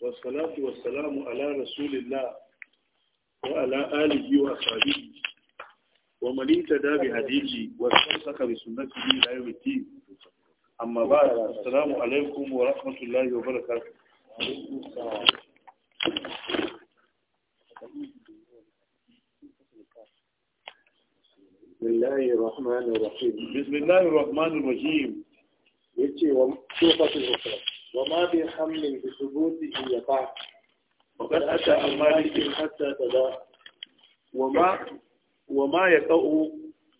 والصلاة والسلام على رسول الله وعلى آله وأصحابه ومن اهتدى بهديه واستمسك بسنته إلى يوم الدين أما بعد السلام عليكم ورحمة الله وبركاته بسم الله الرحمن الرحيم بسم الله الرحمن الرحيم يتي وشوفة الأخرى وما بحمل بثبوته يقع وقد أتى عن مالك حتى تباع وما وما يقع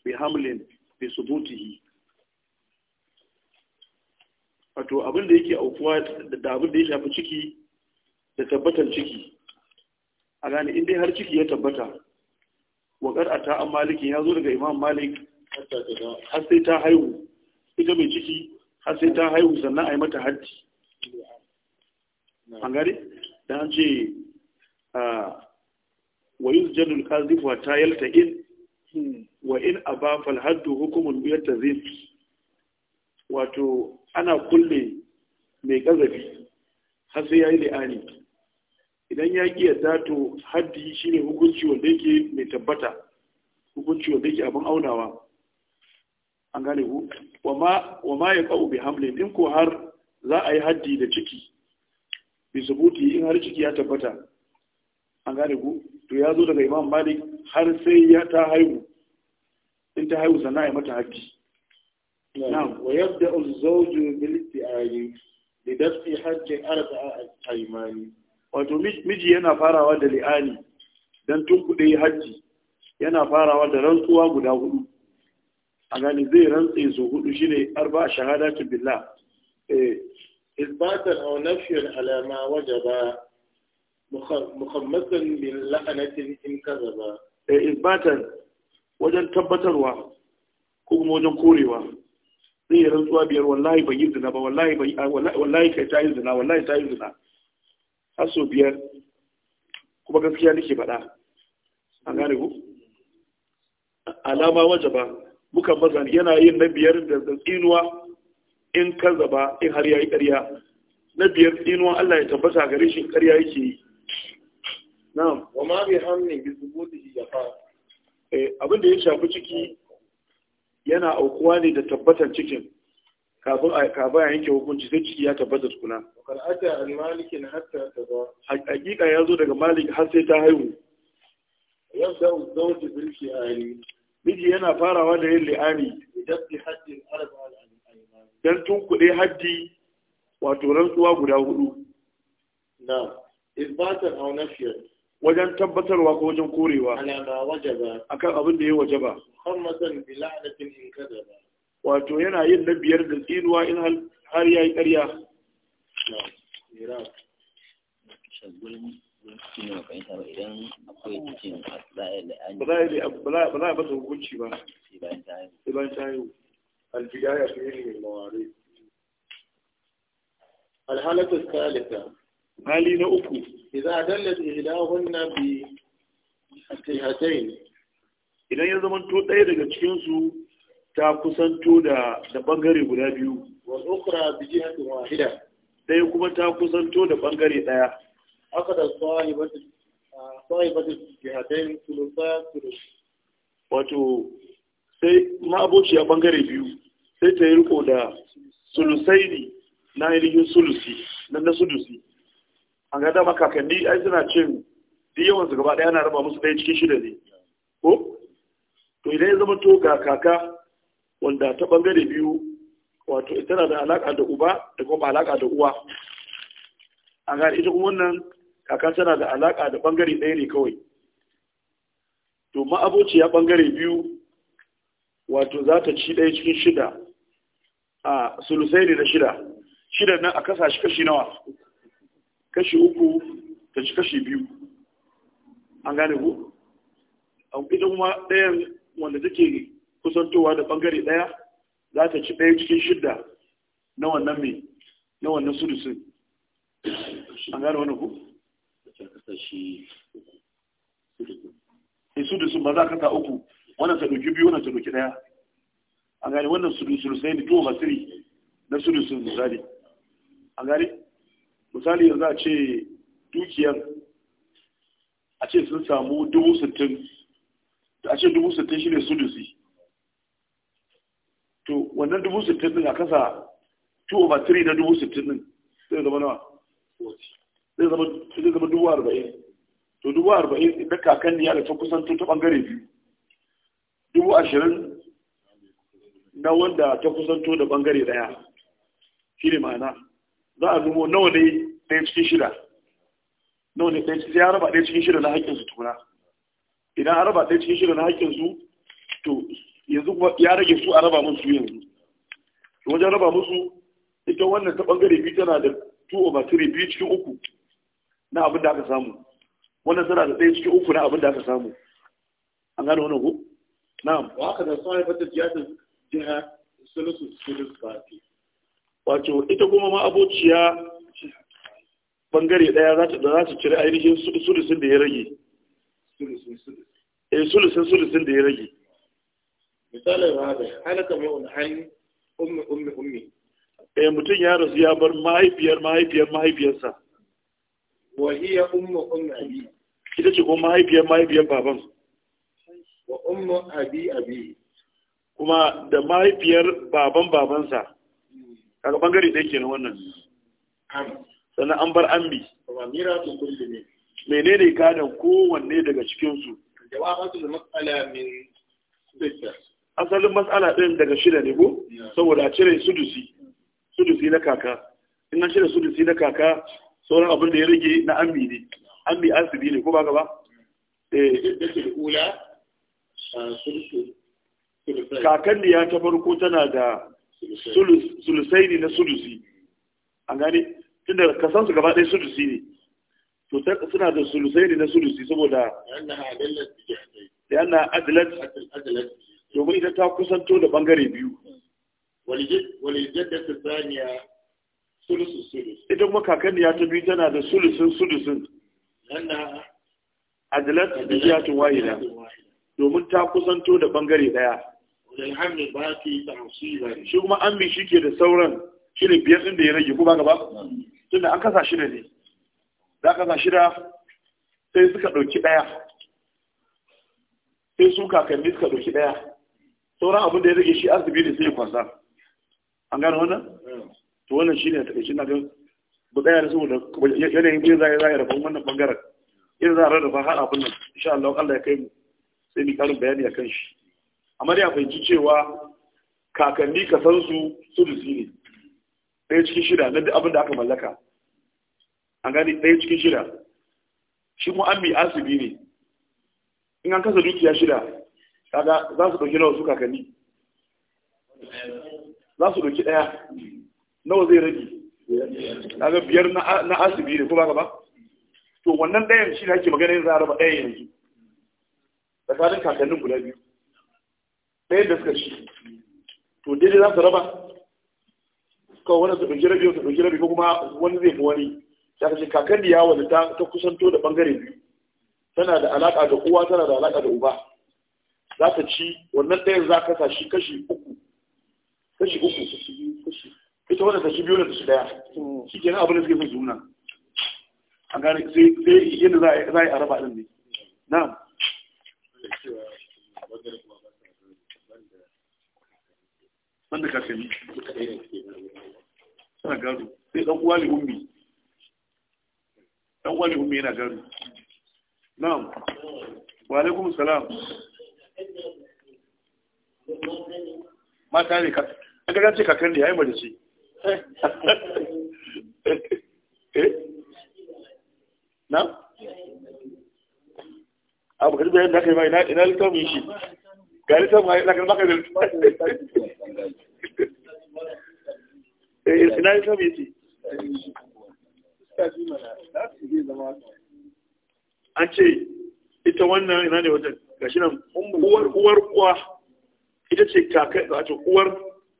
بحمل بثبوته wato abin da yake aukuwa da abin da ya shafi ciki da tabbatar ciki a gane inda har ciki ya tabbata wakar a ta'an maliki ya zo daga imam malik har sai ta haihu ita mai ciki har sai ta haihu sannan a yi mata haddi an gari da an ce wa yi jadul kazif wa tayal ta in wa in a ba falhaddu hukumun biyar ta zin wato ana kulle mai kazafi har sai ya yi la'ani. idan ya ƙi yadda to haddi shine hukunci wanda yake mai tabbata hukunci wanda yake abin aunawa an gane ku wa ma ya ƙa'u bi hamlin in ko har za a yi haddi da ciki bi subuti in har ciki ya tabbata an gane ku to ya zo daga imam malik har sai ya ta haihu in ta haihu sannan ya mata haƙƙi na'am wa yabda az-zawju bil isti'ani li dafi hajji arba'a al-aymani wato miji yana farawa da li'ani dan tunkuɗe hajji yana farawa da rantsuwa guda hudu a gani zai rantse su hudu shine arba shahadatu billah eh إثباتا أو نفيا على ما وجب مخمسا من لعنة إن كذبا إثباتا wajen tabbatarwa ko kuma wajen korewa zai yi rantsuwa biyar wallahi bai yi zina ba wallahi kai ta yi zina wallahi ta yi zina har biyar kuma gaskiya nake faɗa an gane ku alama wajaba ba muka bazan yana yin na biyar da tsinuwa in kazzaba in har yayi ƙarya na biyar inuwa Allah ya tabbata gare shi ƙarya yake yi na'am wa ma bi hamni bi thubutihi yafa eh abin da ya shafi ciki yana aukuwa ne da tabbatar cikin kafin a kaba yanke hukunci sai ciki ya tabbata tukuna kan ata al malik hatta taba hakika zo daga malik har sai ta haihu yabda zawji bil shi'ani miji yana farawa da yin li'ani idan bi haddin arba'a don tunkuɗe haddi wato rantsuwa guda hudu na isbatar au nafiyar wajen tabbatarwa ko wajen korewa alama wajaba akan abin da ya wajaba muhammadan bi la'natin in kadaba wato yana yin na biyar da tsinuwa in har ya yi ƙarya ba za a yi ba hukunci ba sai ta haihu البداية في علم المواريث الحالة الثالثة hali na uku idan dallat ihlahunna bi attihatayn idan ya zama to ɗaya daga cikin su ta kusanto da da bangare guda biyu wal ukhra bi jihatin wahida ɗaya kuma ta kusanto da bangare ɗaya aka da sahibatu sahibatu jihatayn thulutha thuluth wato sai ma abociya bangare biyu sai ta yi riko da ne na ainihin sulusi na na sulusi A ga dama kakanni ai suna cin duk yawan su gaba ɗaya na raba musu ɗaya cikin shida ne ko to idan ya zama to ga kaka wanda ta bangare biyu wato tana da alaka da uba da kuma alaka da uwa a ga ita kuma wannan kaka tana da alaka da bangare ɗaya ne kawai to ma'abociya bangare biyu wato za ta ci ɗaya cikin shida a sulusai ne na shida shida nan a kasa shi kashi nawa kashi uku ta ci kashi biyu an gane ku ita kuma ɗayan wanda take kusantowa da ɓangare ɗaya za ta ci ɗaya cikin shida na wannan mai na wannan sulusai an gane wani ku? Eh, sulusin ba za ka ta uku wannan ta ɗauki biyu wannan ta ɗauki ɗaya an gane wannan sulusai ne tuwo masiri na sulusun misali a gari misali yanzu a ce dukiyar a ce sun samu dubu sittin a ce dubu sittin shi ne sulusi to wannan dubu sittin din a kasa tuwo masiri na dubu sittin din zai zama nawa zai zama dubu arba'in to dubu arba'in da kakan ya da ta kusan tuta bangare biyu dubu ashirin na wanda ta kusanto da bangare daya shi ne ma'ana za a zumo nawa ne ɗaya cikin shida nawa ne ɗaya ya raba ɗaya cikin shida na haƙƙinsu tuna idan an raba ɗaya cikin shida na haƙƙinsu to yanzu kuma ya rage su a raba musu yanzu wajen raba musu ita wannan ta bangare biyu tana da two over three, biyu cikin uku na abin da aka samu wannan tana da ɗaya cikin uku na abin da aka samu an gano wannan ku na'am Ba haka da haifar da jiyatin jiha sulusu sulus baki wato ita kuma ma abociya bangare daya za ta za ta cire ainihin sulusun da ya rage eh sulusun sulusun da ya rage misalin hada halaka mai wani hali ummi ummi ummi eh mutum ya rasu ya bar mahaifiyar mahaifiyar mahaifiyarsa wa hiya ummu ummi abi ita ce ko mahaifiyar mahaifiyar baban wa ummu abi abi kuma da mahaifiyar baban babansa kaga bangare da yake na wannan sannan an bar ambi menene gadon kowanne daga cikinsu asalin matsala ɗin daga shida ne ko saboda cire sudusi sudusi na kaka in an cire sudusi na kaka sauran abin da ya rage na ambi ne ambi asibi ne ko ba gaba eh da ula sudusi da ya ta farko tana da sulusai ne na sulusi A gane tunda da san su gaba ɗaya sulusi ne to suna da sulusai ne na sulusi saboda da yana adalat domin ita ta kusanto da bangare biyu Idan ta saniya ita kuma ya ta biyu tana da sulusun sulusun adalat da jiyatun wahida domin ta kusanto da bangare daya bilhammi ba ki tafsilan shi kuma ammi shike da sauran shi ne biyar din da ya rage ko ba gaba tunda an kasa shida ne za kasa shida sai suka ɗauki ɗaya sai su kakanni suka ɗauki ɗaya sauran abin da ya rage shi asibi ne sai ya kwasa an gano wannan to wannan shi ne ta kai na gan buɗaya da saboda yanayin yin zai zai rabon wannan bangaren yin zai rarraba har abin nan insha Allah Allah ya kai mu sai ni karin bayani kan shi amma dai a fahimci cewa kakanni ka san su sulusi ne ɗaya cikin shida na duk abin da aka mallaka an gani ɗaya cikin shida shi kuma an mi asibi ne in an kasa dukiya shida kaga za su ɗauki nawa su kakanni za su ɗauki ɗaya nawa zai rage kaga biyar na asibi ne ko ba ka ba to wannan ɗayan shi ne ake magana yin za a raba ɗaya yanzu tsakanin kakannin guda biyu ɗayan da suka ci to dai za su raba kawai wani su ɗauki rabi su ɗauki rabi ko kuma wani zai fi wani ya kashe kakan ya wanda ta ta kusanto da bangare biyu tana da alaƙa da uwa tana da alaƙa da uba za ta ci wannan ɗayan za ka sa shi kashi uku kashi uku ita wanda ta ci biyu da ta ci ɗaya shi kenan abin da suke son juna a gane sai yadda za a yi a raba ɗin ne na'am wanda ka sami suna gado sai ɗan uwa ummi ɗan uwa ummi yana gado na'am wa alaikum salam mata ne ka an ga ce kakan da yayi mu da shi na abu kada bayan da kai mai na ina littafin shi ga littafin eh, an ce ita wannan ina ne wajen gashi nan uwar uwar uwa ita ce kakai da ce uwar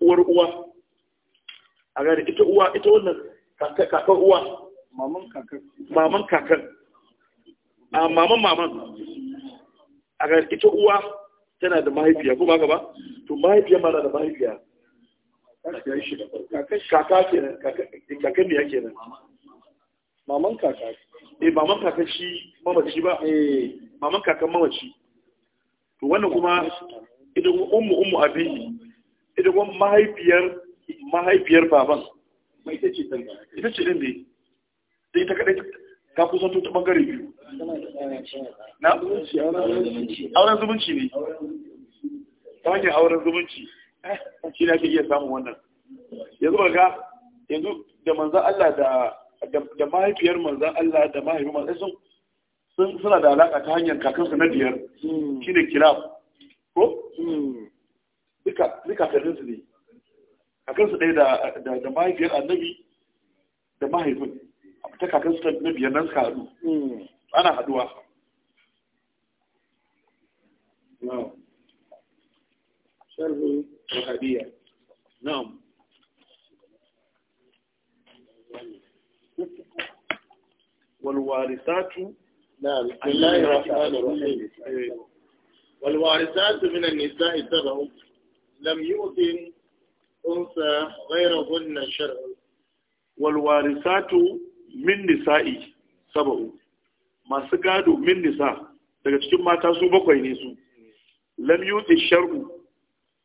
uwar uwa a gani ita uwa ita wannan kakan uwa maman kakan a ah, maman maman a gani ita uwa tana da mahaifiya ko ba ka ba to mahaifiya ma na da mahaifiya kaka kenan kakan ne nan maman kaka eh maman kaka shi mamaci ba eh maman kaka mamaci to wannan kuma idan ummu ummu abi idan kuma mahaifiyar mahaifiyar baban ita ce din ne ita kadai ta kusan ta bangare biyu na auren zumunci ne ta hanyar auren zumunci shi na ke iya samun wannan yanzu ba ga yanzu da manzan Allah da mahaifiyar manzan Allah da mahaifin manzan sun suna da alaƙa ta hanyar kakansu na biyar shi ne kira ko? duka kakansu ne kakansu ɗaya da mahaifiyar annabi da mahaifin ta kakan suka na والوارثات نعم بسم الله الرحمن الرحيم والوارثات من النساء سبع لم يؤذن أنثى غيرهن شرع والوارثات min nisa'i saba'u masu gado min nisa daga cikin mata su bakwai ne su lam yuti shar'u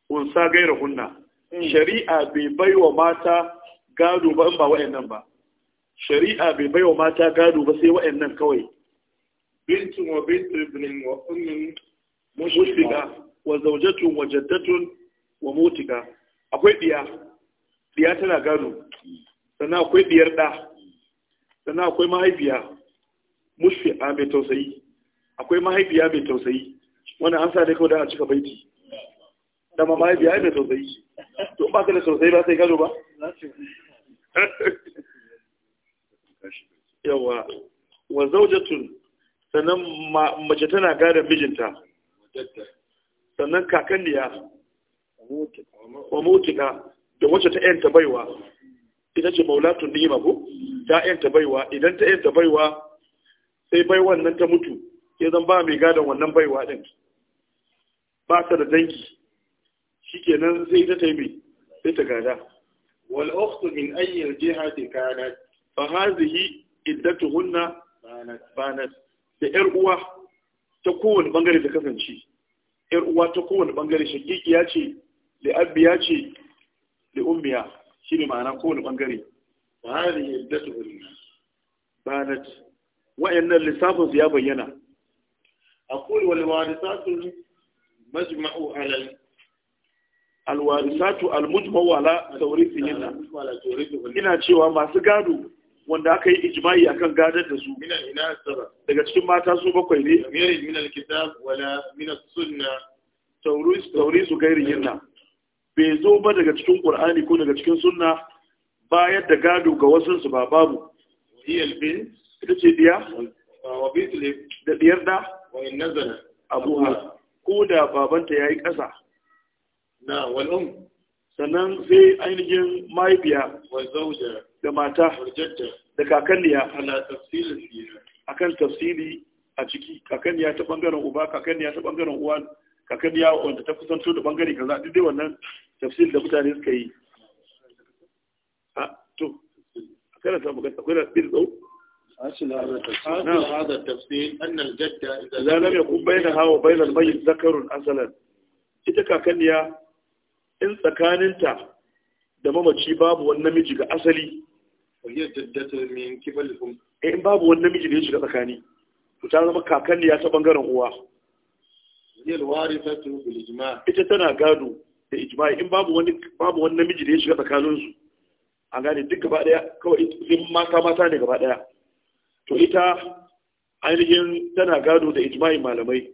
unsa gaira hunna hmm. shari'a bai baiwa mata gado ba in ba wa'annan ba shari'a bai baiwa mata gado ba sai wa'annan kawai bintun wa bintu ibnin wa ummin mushfiqa wa zawjatun wa jaddatun wa mutika akwai diya diya tana gado sannan akwai diyar da sannan akwai mahaifiya mushfi'a mai tausayi akwai mahaifiya mai tausayi wannan an sa dai kawai da a cika baiti dama mahaifiya mai tausayi to ba ka da tausayi ba sai gado ba yawa wa zaujatun sannan mace tana gada mijinta sannan kakanniya wa mutika da wacce ta yanta baiwa ita ce maulatun ni'ima ko ta yanta baiwa idan ta yanta baiwa sai baiwan nan ta mutu ya zan ba mai gadon wannan baiwa din ba ta da dangi shikenan sai ita ta yi mai sai ta gada wal ukhtu min ayyi jihati kanat fa hadhihi iddatuhunna banat da yar uwa ta kowane bangare ta kasance yar uwa ta kowane bangare ya ce da ya ce da ummiya shi ne ma'ana kowane ɓangare ba hari yadda su wuri ba na ci wa'annan lissafin su ya bayyana a kowane wani warisatun majma'u alal alwarisatu almujma'u ala taurifi yana ina cewa masu gado wanda aka yi ijma'i akan gadar da su daga cikin mata su bakwai ne min alkitab wala min as-sunna tawrisu gairi yana bai zo ba daga cikin qur'ani ko daga cikin sunna bayar da gado ga wasu su ba babu iyal ce da ko da babanta um. sannan sai ainihin maibiya da mata da kakanniya a kan akan tafsili a ciki kakanniya ta bangaren uba kakanniya ta bangaren uwa kakanniya wanda ta kusanto da bangare Ka duk dai wannan tafsir da mutane suka yi a to kana samu kan akwai na bil dau حاصل هذا التفصيل أن الجدة إذا لم يكن بينها وبين الميت ita kakanniya in tsakaninta da mamaci babu wani namiji ga asali eh, in babu wani namiji da ya shiga tsakani to ta zama kakanniya ta bangaren uwa ita tana gado da ijma'i in babu wani babu wani namiji da ya shiga tsakanin su an gane duk gaba daya kawai din mata mata ne gaba daya to ita ainihin tana gado da ijma'i malamai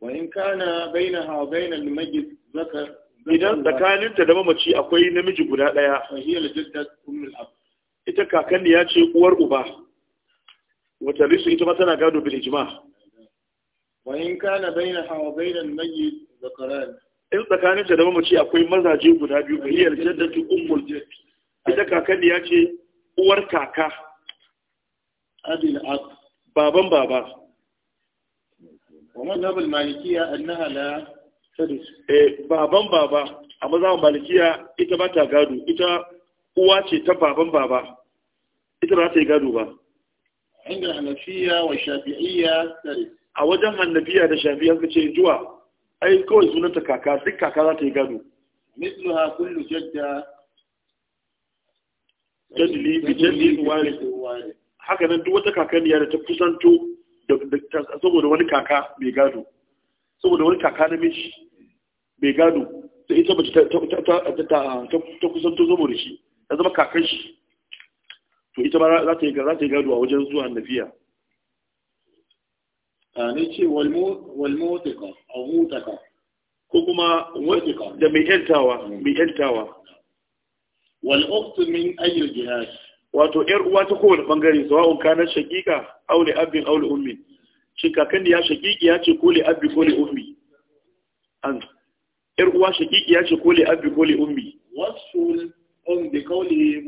wa in kana bainaha wa bainal majlis zakar idan tsakaninta da mamaci akwai namiji guda daya ita kakanni ya ce uwar uba wata risu ita ma tana gado bil ijma wa in kana bainaha wa bainal majlis zakaran in tsakanin da mamaci akwai mazaje guda biyu ga iyar jaddatu ummul jaddi ita kakanni ya ce uwar kaka baban baba wannan nabul malikiya annaha la tadus eh baban baba a mazan malikiya ita ba ta gado ita uwa ce ta baban baba ita ba ta yi gado ba inda hanafiya wa shafi'iyya tadus a wajen hannafiya da shafi'iyya suka ce zuwa ai kawai sunanta kaka duk kaka za ta yi gado mithluha kullu jadda jadli bi jadli wari haka nan duk wata kakanniya da ta kusanto saboda wani kaka bai gado saboda wani kaka na miji bai gado sai ita bace ta kusanto saboda shi ta zama kakan shi to ita ma za ta yi gado a wajen zuwa nafiya. Ah, ne ce walmotika a mutaka ko kuma motika da mai yantawa mai yantawa wal'uktu min ayyul jihad wato yar uwa ta kowane bangare sawa'un kanar shakika aure abin aure ummi shi kakan ya shakiki ya ce kole abin abbi ummi an yar uwa shakiki ya ce kole abin kole ummi wasul um bi kawai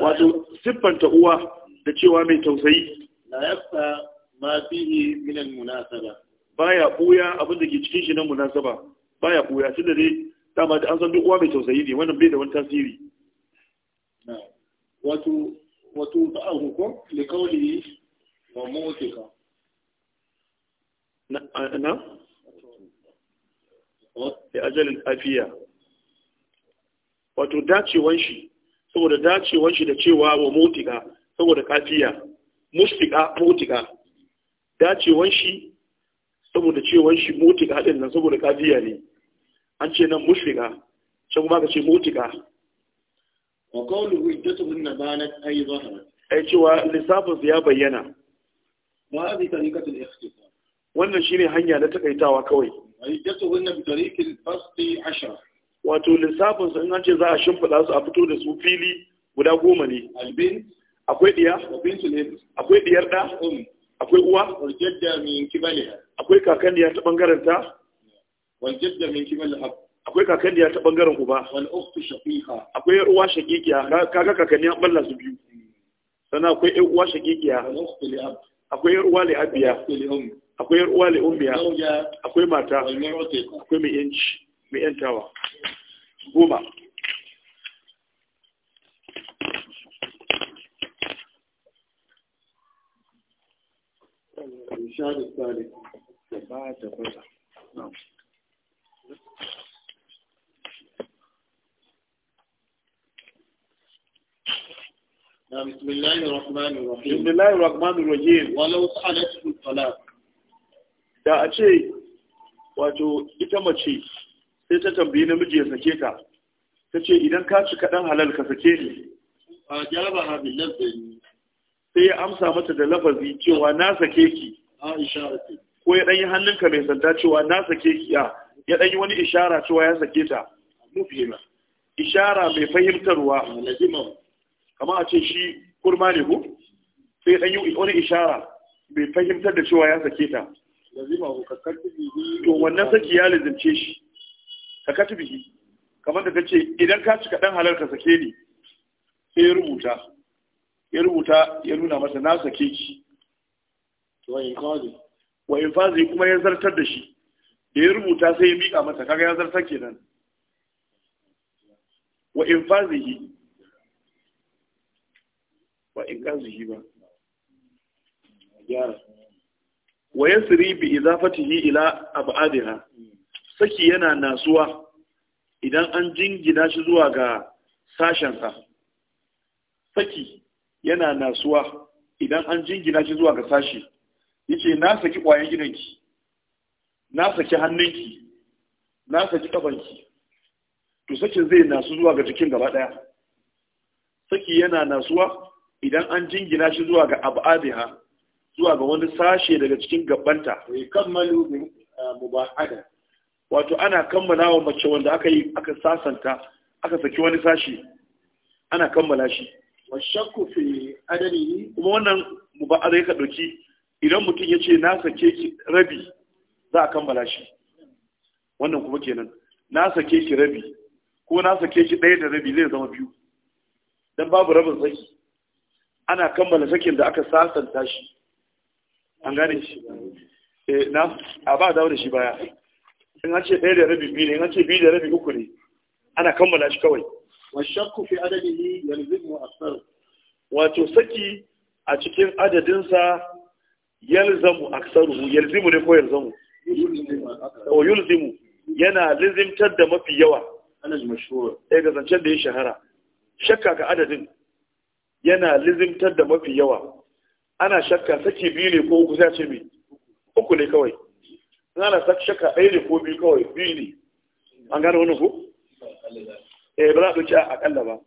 wato siffanta uwa da cewa mai tausayi na yasta ma fihi min al-munasaba baya buya abin da ke cikin shi na munasaba baya buya tunda dai dama da an san duk uwa mai tausayi ne wannan bai da wani tasiri wato wato ba'ahu ko li qawli wa mawtika na na da ajalin afiya wato dacewan shi saboda dacewan shi da cewa wa motika saboda kafiya mustika motika dacewan shi saboda cewan shi motika haɗin nan saboda kafiya ne an ce nan mushrika can kuma ka ce motika wa qawluhu iddatuhun nabanat ay zaharat ai cewa lissafin ya bayyana ma hadi tariqatul ikhtisar wannan shine hanya na takaitawa kawai iddatuhun bi tariqil basti 10 wato lissafin sun an ce za a shimfida su a fito da su fili guda goma ne albin akwai diya akwai diyar da akwai uwa waljadda min kibaliha akwai ya ta bangaren ta waljadda min kibaliha akwai ya ta bangaren uba wal ukhtu shaqiqa akwai uwa shaqiqiya kaga kakanniya balla su biyu hmm. sannan akwai uwa shaqiqiya akwai uwa li abiya akwai uwa li ummiya akwai mata akwai mai yanci mai yantawa goma الإرشاد الثالث نعم بسم الله الرحمن الرحيم بسم الله الرحمن الرحيم ولو صلت الطلاق da a ce wato ita mace sai ta tambayi namiji ya sake ta ta ce idan ka ci kaɗan halal ka sake ni a ha sai ya amsa mata da lafazi cewa na sake ki ko ya ɗanyi hannunka mai sanda cewa na sake ki ya ya ɗanyi wani ishara cewa ya sake ta ishara mai fahimtarwa kamar a ce shi kurma ne ko sai ya ɗanyi wani ishara mai fahimtar da cewa ya sake ta to wannan saki ya lizimce shi ka biki kamar da ce idan ka cika ɗan halar ka sake ni sai ya rubuta ya rubuta ya nuna masa na sake ki wa infazi kuma ya zartar da shi da ya rubuta sai ya miƙa mata kaga ya zartar kenan wa infazihi wa inqazihi ba ya wa yasri bi idafatihi ila ab'adiha saki yana nasuwa idan an jingina shi zuwa ga sashensa saki yana nasuwa idan an jingina shi zuwa ga sashi yace na saki ƙwayan gidanki na saki hannunki na saki kafanki to sakin zai nasu zuwa ga jikin gaba ɗaya saki yana nasuwa idan an jingina shi zuwa ga abadiha zuwa ga wani sashe daga cikin gabanta ya kammalu mubahada wato ana kammala wa mace wanda aka yi aka sasanta aka saki wani sashe, ana kammala shi Wa shakku fi adadihi kuma wannan mubahada ya ka dauki idan mutum ya ce na sake ki rabi za a kammala shi wannan kuma kenan na sake ki rabi ko na sake ki ɗaya da rabi zai zama biyu don babu rabin saki ana kammala sakin da aka sasanta shi an gane shi eh, na a ba dawo da shi baya in an ce ɗaya da rabi biyu ne in an ce biyu da rabi uku ne ana kammala shi kawai washakku fi adadihi yanzu mu asar wato saki a cikin adadinsa yalzamu aksaruhu yalzimu ne ko yalzamu o oh, yulzimu yana lizimtar da mafi yawa ɗaya eh, ga zancen da ya shahara shakka ga adadin yana lizimtar da mafi yawa ana shakka saki biyu ne ko uku sai ce mai uku ne kawai ana saki shakka ɗaya ne ko biyu kawai biyu ne an gane wani ku? eh ba za a ɗauki a akalla ba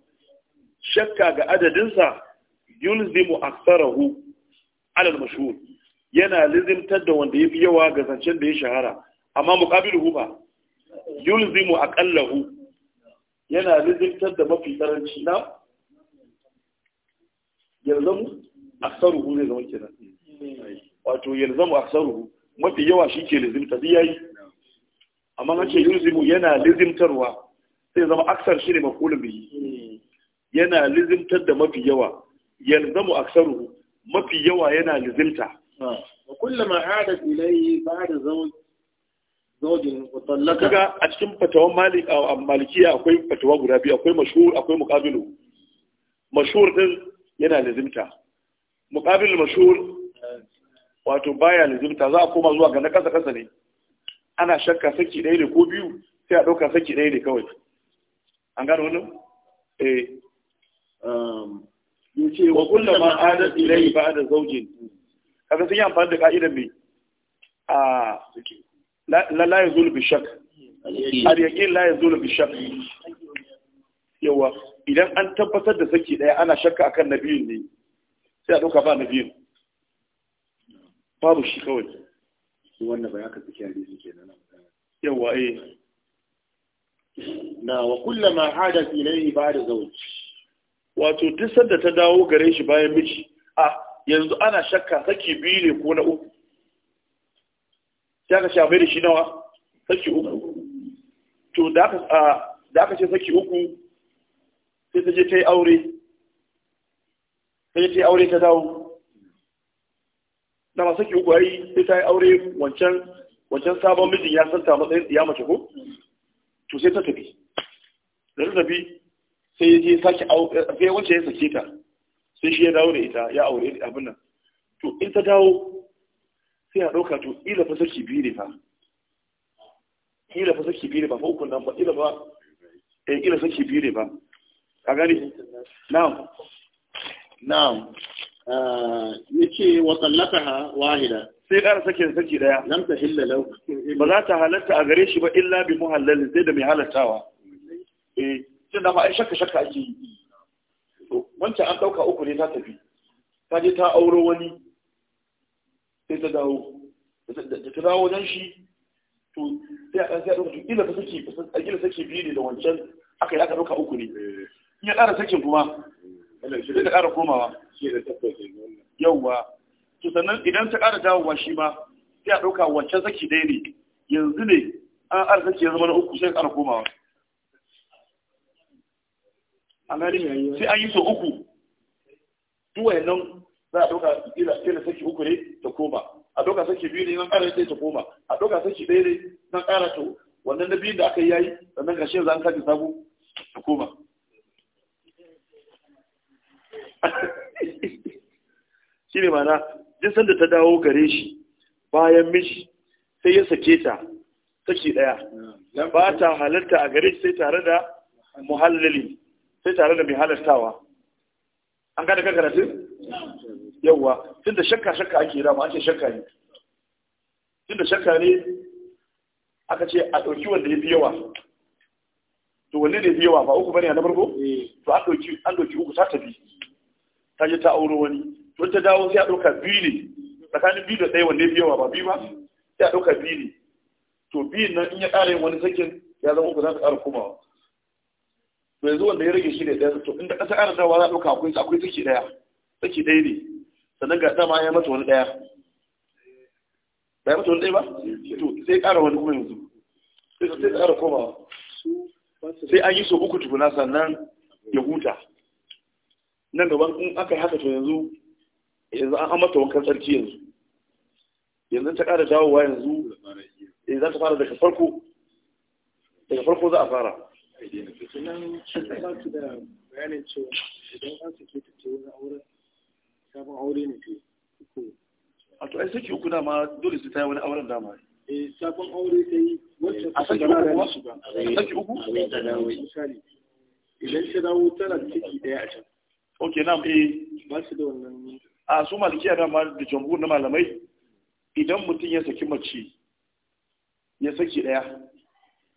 shakka ga adadinsa yulzimu aksarahu alal mashhur yana lizimtar da wanda ya fi yawa ga zancen da ya shahara amma muƙabilu ba yulzimu aqallahu yana lizimtar da mafi karanci na yalzamu aksaruhu zai zama kenan wato yalzamu aksaruhu mafi yawa shi ke lizimta zai yayi amma nace yulzimu yana lizimtarwa sai zama aksar shi ne makulun biyi yana lizimtar da mafi yawa yalzamu aksaruhu mafi yawa yana lizimta wa kullama adat ilayhi ba'da زوج zaujin mutallaka a cikin fatawan مالكية أو malikiya akwai fatawa guda biyu akwai mashhur akwai muqabilu mashhur din yana lazimta muqabilu mashhur wato baya lazimta za a koma zuwa ga na kasa kasa ne ana shakka saki ɗaya ne ko biyu sai a ɗauka saki ɗaya ne kawai an gano eh. um, yace wa kaga sun yi amfani da ka'idar mai a la ya zulu bishak al yaqin la ya zulu shak. yawa idan an tabbatar da saki daya ana shakka akan nabiyin ne sai a dauka ba nabiyin babu shi kawai wanda ba ya ka tsaki hadisi kenan yawa eh na wa kullama hadatha ilayhi ba'da zawj wato duk sanda ta dawo gare shi bayan miji a yanzu ana shakka saki biyu ne ko na uku Ya shafe da shi nawa saki uku to da aka ce saki uku sai ta je ta yi aure sai ta yi aure ta dawo na masu saki uku ai sai ta yi aure wancan wancan sabon mijin ya santa matsayin ya mace ko to sai ta tafi da ta tafi sai ya je sake aure sai wancan ya sake ta sai shi ya dawo da ita ya aure abin nan to in ta dawo sai a ɗauka to ila fa saki biyu ne fa ila fa saki biyu ne ba fa nan ba ila ba eh ila saki biyu ne ba ka gani na'am na'am ah, ce wa ha, wahida sai ƙara sakin saki daya lam ta hilla lau ba za ta halatta a gare shi ba illa bi muhallalin sai da mai halattawa eh tunda ma ai shakka shakka ake yi wancan an ɗauka uku ne ta tafi ta je ta auro wani sai ta dawo da ta dawo wajen shi to sai a ɗauka ila ƙila ta saki a ƙila saki biyu ne da wancan aka yi aka ɗauka uku ne in ya ƙara sakin kuma sai ta ƙara komawa yauwa to sannan idan ta ƙara dawowa shi ma sai a ɗauka wancan saki ɗaya ne yanzu ne an arzaki ya zama na uku sai ƙara komawa sai an yi sau uku duk wayannan za a ɗauka ila saki uku ne ta koma a ɗauka saki biyu ne nan ƙara sai ta koma a ɗauka saki ɗaya ne nan ƙara to wannan na biyun da aka yi yayi sannan ƙarshe za a sake sabu ta koma shi ne mana duk sanda ta dawo gare shi bayan mishi, sai ya sake ta saki ɗaya hmm. ba ta halarta a gare shi sai tare da muhallali sai tare da mai halartawa an gane kan karatun yauwa. tun da shakka shakka ake rama ake shakka ne tun da shakka ne aka ce a ɗauki wanda ya fi yawa to wanne ne fi yawa ba uku bane na farko eh. to an ɗauki an ɗauki uku ta tafi ta je ta auro wani to ta dawo sai a ɗauka biyu ne tsakanin biyu da ɗaya wanne fi yawa ba biyu ba sai a ɗauka biyu ne to biyun nan in ya ƙara yin wani sakin ya zama uku za ta ƙara komawa yanzu wanda ya rage shi ne daya, to inda kasa ƙara dawa za a ɗauka akwai akwai tsaki daya tsaki daya ne sannan ga dama ya mata wani daya. ba ya mata wani daya ba to sai ƙara wani kuma yanzu sai ƙara komawa sai an yi so uku tukuna sannan ya huta nan gaba in aka yi haka to yanzu yanzu an amata wankan tsarki yanzu yanzu ta ƙara dawowa yanzu eh, za ta fara daga farko daga farko za a fara idan an ta wani auren sabon aure ne ke ai saki uku dama dole su wani auren dama. Eh, a saki uku ba uku? da ciki Ok na eh. Ba su da wannan. A da jamhur na malamai idan mutum ya saki mace ya saki daya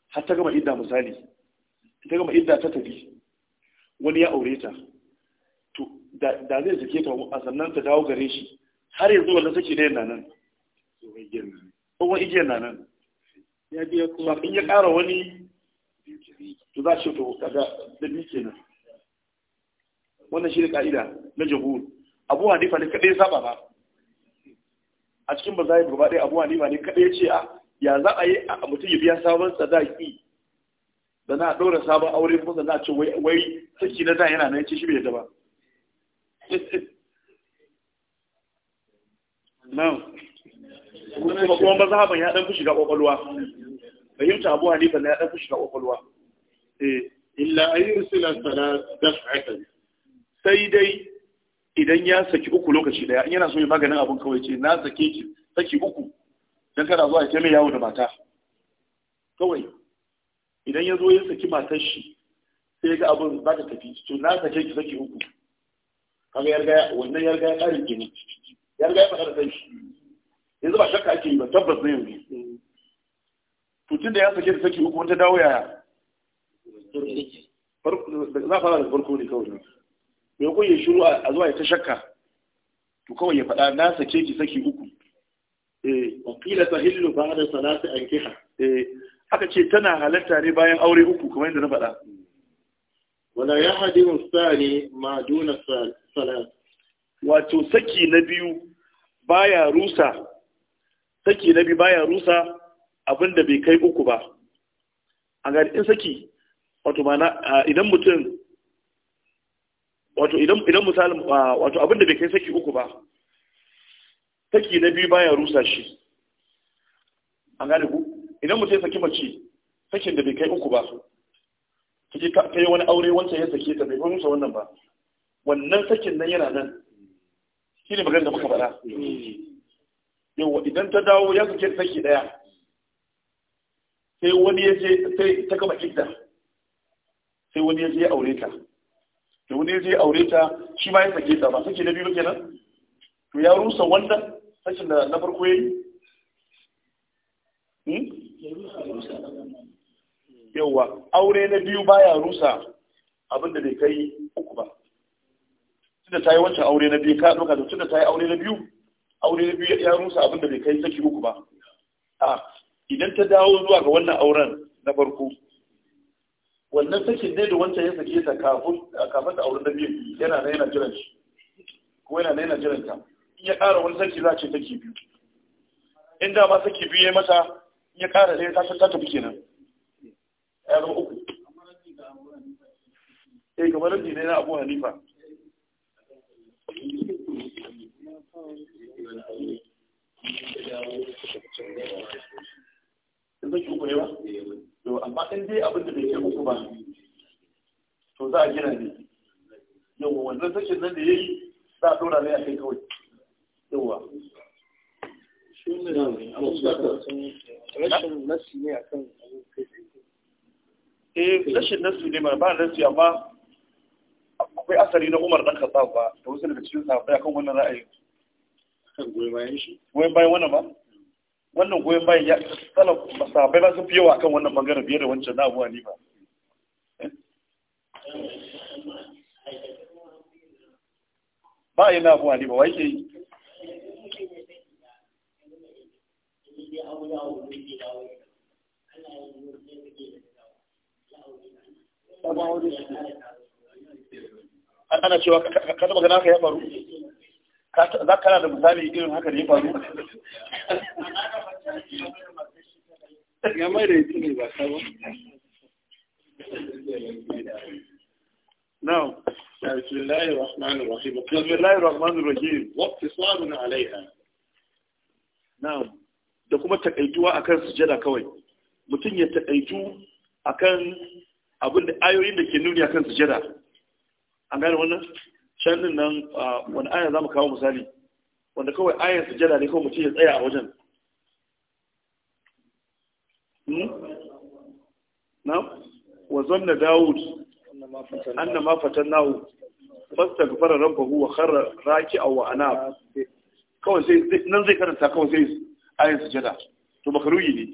har ta gama idda misali. ta gama idda ta tafi wani ya aure ta to da zai sake ta a sannan ta dawo gare shi har yanzu wanda take da yana nan tsohon igiyar na nan ya biya kuma in ya ƙara wani to za shi to kaga da ni nan wannan shi ne ka'ida na jahul abu fa ne kaɗai saba ba a cikin ba za yi gaba ɗaya abu ba ne kaɗai ce a ah, ya za a yi a mutum ya biya sabon sadaki da na ɗora sabon aure kuma na ce wai saki na da yana na yace shi bai da ba nan kuma kuma ba zahaban ya ɗan fi shiga ƙwaƙwalwa fahimta abu ne na ya ɗan fi shiga ƙwaƙwalwa Eh illa an yi rusula sana daf'atan sai dai idan ya saki uku lokaci daya in yana so ya maganin abin kawai ce na sake ki saki uku don kada zuwa ya ce mai yawo da mata kawai idan ya zo ya saki matar shi sai ya ga abin za ta tafi to na sake ki saki uku kaga 'yar riga wannan 'yar riga ya ƙarin kenan 'Yar riga ya faɗa da kanshi yanzu ba shakka ake yi ba tabbas ne yanzu to tunda ya sake da saki uku wata dawo yaya za fara da farko ne kawai me ko ya shiru a zuwa ya ta shakka to kawai ya faɗa na sake ki saki uku eh wa qila tahillu ba'da salati ankiha eh aka ce tana halatta ne bayan aure uku kamar yadda na faɗa wala ya haɗe sani ma duna salat wato saki na biyu baya rusa saki na biyu baya rusa abinda bai kai uku ba a gari in saki wato mana idan mutum wato idan idan misalin wato abinda bai kai saki uku ba saki na biyu baya rusa shi an gane ku idan mutum ya saki mace sakin da bai kai uku ba take ta yi wani aure wancan ya sake ta bai kai musa wannan ba wannan sakin nan yana nan shi ne magana da muka bada yawa idan ta dawo ya sake ta saki ɗaya sai wani ya je sai ta kama idda sai wani ya je ya aure ta da wani ya je ya aure ta shi ma ya sake ta ba sake na biyu kenan to ya rusa wannan sakin da na farko ya yi hmm? yauwa aure na biyu baya rusa abinda bai kai uku ba tunda ta yi wancan aure na biyu ka ɗauka da tunda ta yi aure na biyu aure na biyu ya rusa abinda bai kai saki uku ba a idan ta dawo zuwa ga wannan auren na farko wannan sakin ne da wancan ya sake ta kafin da auren na biyu yana na yana jiran shi ko yana na yana jiran ta in ya ƙara wani saki za a ce saki biyu in da ma saki biyu ya mata ya ƙara ɗaya ta ta tafi kenan ya zama uku eh kamar rabbi ne na abu hanifa in zai uku ne ba to amma in dai abin da bai kai uku ba to za a gina ne yau wannan sashen nan da ya yi za a ɗora ne a kai kawai ba. rashin nasi ne akan eh rashin nasi ne ba nasi amma akwai asali na Umar dan Khattab ba da wasu daga cikin sahabbai akan wannan ra'ayi kan bayan wannan ba wannan goyen bayan ya tsala sahabbai ba sun fi yawa akan wannan bangare biyar da wancan na Abu Hanifa ba yana Abu Hanifa wai ke yi sai abu da abu ke dawo yi ke da dawo ya ta ba an ana cewa ka taba gana ka ya faru za ka da misali irin haka da ya faru ya mai da ne ba sabon نعم بسم الله Rahim, الرحيم بسم الله الرحمن kuma takaituwa akan sujada kawai mutum ya takaitu a kan abinda ayoyin da ke nuni akan sujada an gane wannan shannin nan wani aya za mu kawo misali wanda kawai ayan sujada ne kawai mutum ya tsaya a wajen hmm? na wazon na dawud an na mafatan nahu fasta gafara rabbahu wa kharra raki'a wa anab kawai sai nan zai karanta kawai sai ayin sujada to makaruyi ne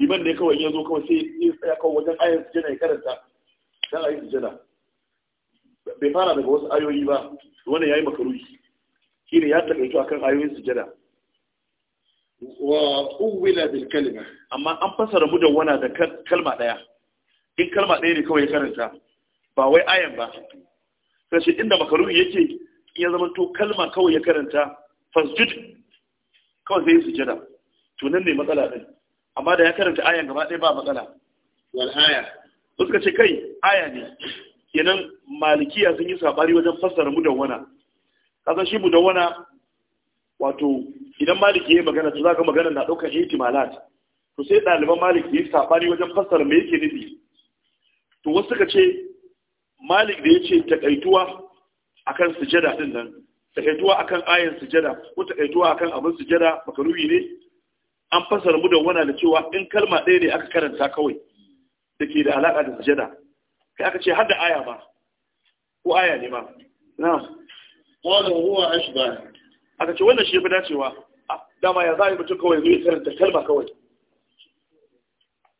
liman ne kawai ya zo kawai sai ya tsaya kawai wajen ayin sujada ya karanta dan ayin sujada bai fara daga wasu ayoyi ba wannan yayi makaruyi shine ya takaito akan ayoyin sujada wa uwila bil kalima amma an fasara mudawwana da kalma daya in kalma daya ne kawai ya karanta ba wai ayan ba sai inda makaruhi yake ya zama to kalma kawai ya karanta fasjud kawai sai sujada to nan ne matsala din amma da ya karanta ayan gaba ɗaya ba matsala wal aya suka ce kai aya ne kenan malikiya sun yi sabari wajen fassara mu da wana kasan shi wana, wato idan maliki ya magana to zaka magana na daukar ihtimalat to sai ɗaliban maliki ya sabari wajen fassara me yake nufi to wasu suka ce malik da ya ce takaituwa akan sujada din nan a akan ayin sujada ko a akan abin sujada makaruhi ne an fasar mu da wana da cewa in kalma ɗaya ne aka karanta kawai da ke da alaƙa da sujada kai aka ce har da aya ma ko aya ne ma na wanda huwa ba. aka ce wannan shi fi dacewa dama ya zai mutum kawai zai karanta kalma kawai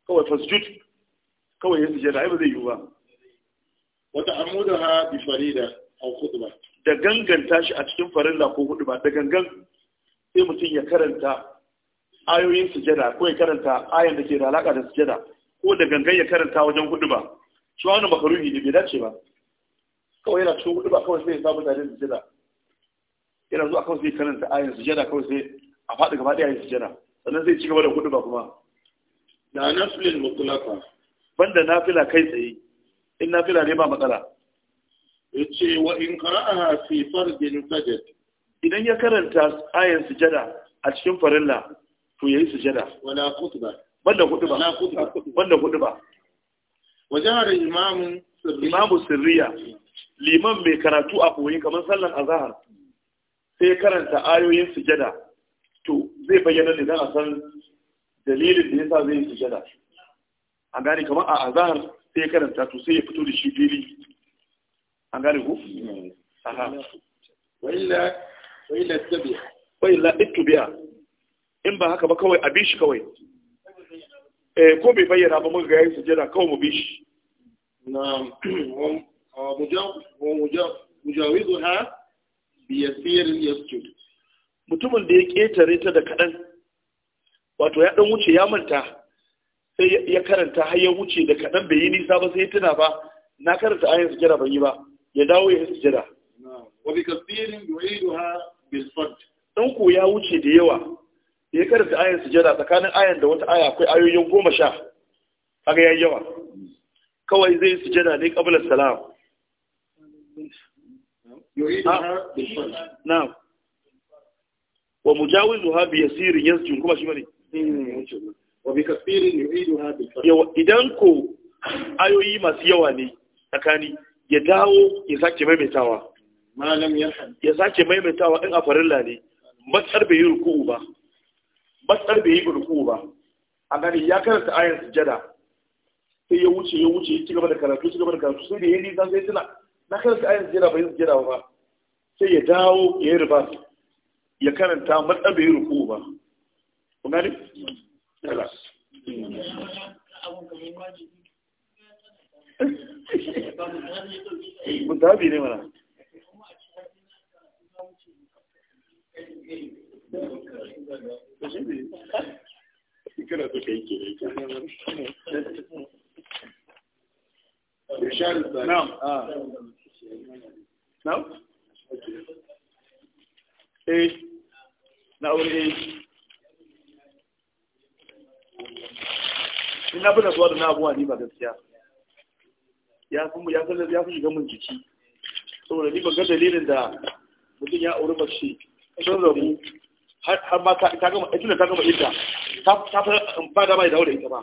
kawai fasjud kawai ya sujada ai ba zai yiwu ba wata ha bi farida aw ba. da ganganta shi a cikin farilla ko hudu ba da gangan sai mutum ya karanta ayoyin sujada ko ya karanta ayan da ke da alaka da sujada ko da gangan ya karanta wajen hudu ba shi wani makaruhi ne bai dace ba kawai yana cikin hudu ba kawai sai ya samu tare sujada yana zuwa kawai sai karanta ayan sujada kawai sai a faɗi gaba ɗaya ayan sujada sannan zai ci gaba da hudu ba kuma da nafilin mutulaka banda nafila kai tsaye in nafila ne ba matsala yace wa in qara'aha fi fardin sajad idan ya karanta ayan sujada a cikin farilla to yayi sujada wala khutba banda khutba wala khutba banda khutba wajara imamu imamu sirriya liman mai karatu a koyi kamar sallan azhar sai karanta ayoyin sujada to zai bayyana ne dan a san dalilin da yasa zai sujada a gane kamar a azhar sai karanta to sai ya fito da shi fili an gane ku aha wailla wailla tabi'a wailla ittubi'a in ba haka ba kawai a bishi kawai eh ko bai bayyana ba mun ga yayin sujada kawai mu bishi na mujawizuha bi yasir yasjud mutumin da ya ketare ta da kadan wato ya dan wuce ya manta sai ya karanta har ya wuce da kadan bai yi nisa ba sai tuna ba na karanta ayin sujada ban yi ba ya dawo ya sujada wa bi kafirin bil fard dan ku ya wuce da yawa ya karanta ayan sujada tsakanin ayan da wata aya akwai ayoyin goma sha kaga yayi yawa kawai zai sujada ne qabla salam yuriduha ah. bil fard na'am wa mujawizuha bi yasirin yasjud kuma shi bane wa bi kafirin yu'iduha bil fard idan ko ayoyi masu yawa ne tsakani ya dawo ya sake maimaitawa malam ya sake maimaitawa in a farilla ne matsar bai yi ruku'u ba matsar bai yi ruku'u ba a gani ya karanta ayar sujada sai ya wuce ya wuce ya cigaba da karatu cigaba da karatu sai da ya nisa sai tuna na karanta ayar sujada bai yi sujada ba sai ya dawo ya yi riba ya karanta matsar bai yi ruku'u ba ku gani? Allah. Mutabi ne mana. Ina eh, eh. fi da da na abuwa ni ba gaskiya. ya fi ya fi jiki saboda ni ban ga dalilin da mutum ya auri mace sun rabu har ma ta gama ita ta gama ita ta ta um, ba da mai dawo da ita ba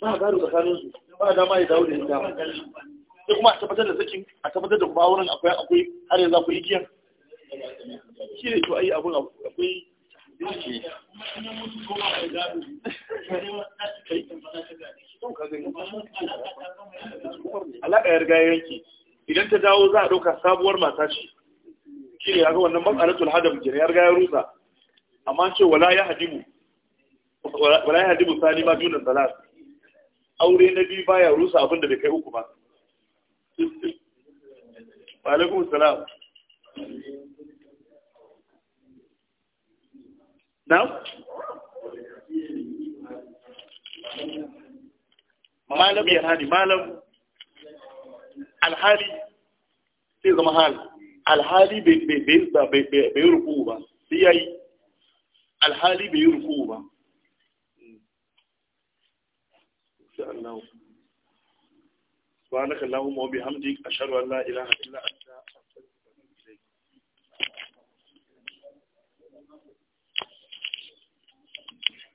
ba garu tsakanin su ba da mai dawo da ita sai kuma a tabbatar da sakin a tabbatar da kuma wurin akwai akwai har yanzu akwai igiyar shi ne to ayi abun akwai dinki alaƙa ya riga yanki idan ta dawo za a ɗauka sabuwar mata ce shi ne ga wannan matsalatul hadam ke ya riga ya rusa amma ce wala ya hadimu wala ya hadimu sani ma junan salat aure na biyu baya rusa abinda bai kai uku ba wa alaikum salam na malam ya hali malam alhali sai zama hali alhali bai yi ruku ba sai ya yi alhali bai yi ruku ba سبحانك اللهم وبحمدك أشهد أن لا إله إلا أنت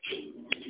أستغفرك